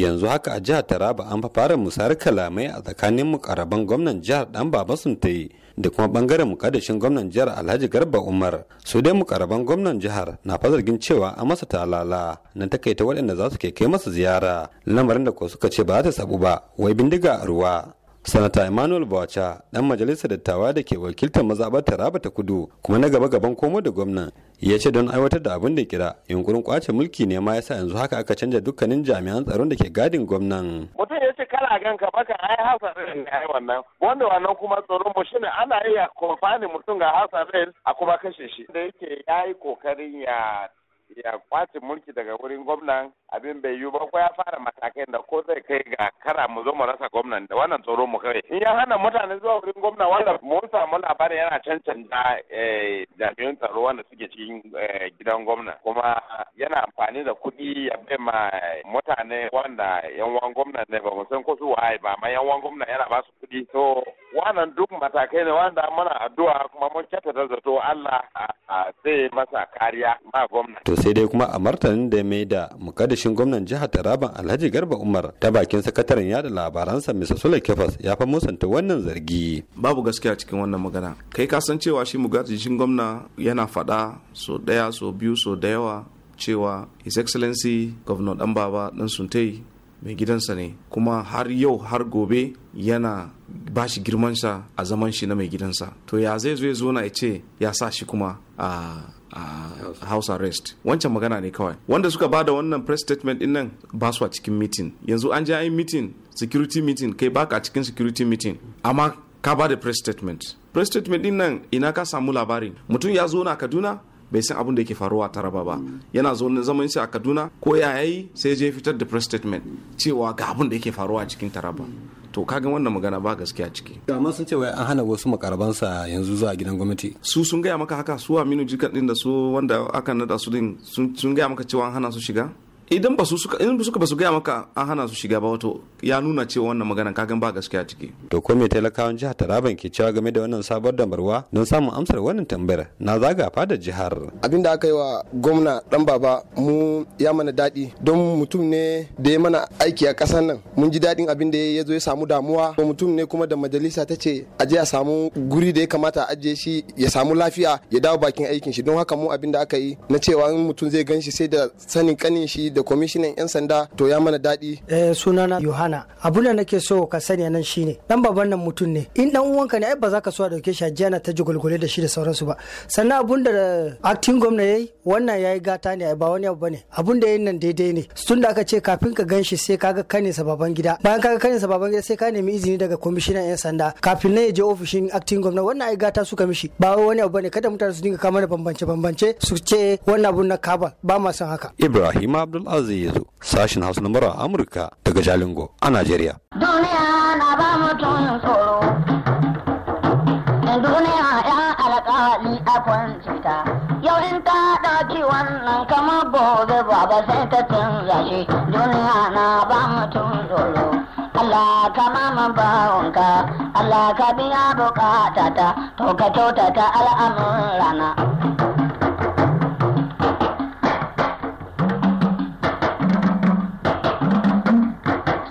yanzu haka a jihar taraba an fara musayar kalamai a tsakanin mukaraban gwamnan jihar dan baba suntaye da kuma bangaren mukaddashin gwamnan jihar alhaji garba umar su dai mukaraban gwamnan jihar na fa zargin cewa a masa talala na takaita waɗanda za su ke kai masa ziyara lamarin da ko suka ce ba za ta sabu ba wai bindiga a ruwa sanata emmanuel bawacha dan majalisar dattawa da ke wakiltar mazaɓar taraba ta kudu kuma na gaba gaban komo da gwamnan ya ce don aiwatar da abin da kira yunkurin kwace mulki ne ma yasa yanzu haka aka canja dukkanin jami'an tsaron da ke gadin gwamnan mutum ya ce kala gan ka baka ai hasarin ne ai wannan wanda wannan kuma tsoron mu shine ana iya kofani mutum ga hasarin a kuma kashe shi da yake yayi kokarin ya ya kwace mulki daga wurin gwamnan abin bai yiwu ba ko ya fara matakai da ko zai kai ga kara mu zo mu rasa gwamnan da wannan tsoro mu kai in ya hana mutane zuwa wurin gwamnan wanda mun samu labarin yana cancanta eh, jami'an tsaro wanda suke cikin eh, gidan gwamnan. kuma yana amfani da kuɗi ya bai ma mutane wanda yan wan gwamnan ne ba mu san ko su waye ba amma yan wan gwamnan yana ba su kuɗi to wannan duk matakai ne wanda muna addu'a kuma mun kyautata zato Allah zai masa kariya ma gwamna. To sai dai kuma a martanin da ya mai da mukaddashin gwamnan jihar Taraban Alhaji Garba Umar ta bakin sakataren yada labaransa Mr. Sule Kefas ya fa musanta wannan zargi. Babu gaskiya cikin wannan magana. Kai ka san cewa shi mukaddashin gwamna yana faɗa so ɗaya so biyu so da yawa cewa His Excellency Governor Baba Dan Suntai mai gidansa ne kuma har yau har gobe yana ba shi sa a zaman shi na mai gidansa to ya zai zo ya zo na ya ce ya sa shi kuma a uh, house arrest wancan magana ne kawai wanda suka ba da wannan press statement din nan ba su a cikin meeting yanzu an je an yi meeting security meeting kai baka a cikin security meeting amma ka ba da press statement press statement din nan ina ka samu labarin mutum ya zo na kaduna bai san abin da yake faruwa a taraba ba yana zaune zaman shi a kaduna ko ya yi sai je fitar da press statement cewa ga abin da yake faruwa a cikin taraba to kagan wannan magana ba gaskiya ciki amma sun ce wai an hana wasu makarabansa yanzu zuwa gidan gwamnati su sun gaya maka haka su aminu jikan din da su wanda aka nada su din sun gaya maka cewa an hana su shiga idan ba su suka in suka ba su gaya maka an hana su shiga ba wato ya nuna cewa wannan magana kagan ba gaskiya ciki to ko me talakawan jihar Taraban ke cewa game da wannan sabar damarwa don samun amsar wannan tambayar na zaga fadar jihar abinda aka yi wa gwamna dan baba mu ya mana dadi don mutum ne da ya mana aiki a kasar nan mun ji dadin abin da ya zo ya samu damuwa ko mutum ne kuma da majalisa ta ce a je a samu guri da ya kamata a ajiye shi ya samu lafiya ya dawo bakin aikin shi don haka mu abin da aka yi na cewa in mutum zai gan shi sai da sanin kanin shi da kwamishinan 'yan sanda to ya mana daɗi. Eh, sunana Yohana abuna nake so ka sani nan shine dan baban nan mutum ne in dan uwanka ne ai ba za ka so a dauke shi ajiyana ta jigulgule da shi da sauransu ba sannan abun da acting gwamna yayi wannan yayi gata ne ba wani abu bane abun da yayin nan daidai ne tun da aka ce kafin ka ganshi sai kaga kane sa baban gida bayan kaga kane sa baban gida sai ka nemi izini daga kwamishinan 'yan sanda kafin nan ya je ofishin acting gwamna wannan ai gata suka mishi ba wani abu bane kada mutane su dinga kama da bambance bambance su ce wannan abun na kaba ba ma san haka Ibrahim Abdul Abdul Aziz sashin Hausa na mura Amurka daga Jalingo a Najeriya. Duniya na ba tun tsoro, duniya ya alƙawari a kwancita, yau in ka ɗauki wannan kama gobe baba sai ta canza shi, duniya na ba mutum tsoro. Allah ka mama bawonka, Allah ka biya ta, to ka kyautata al'amun rana.